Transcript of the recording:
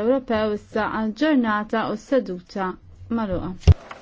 Ewropew issa għal ġurnata u seduta magħluqa.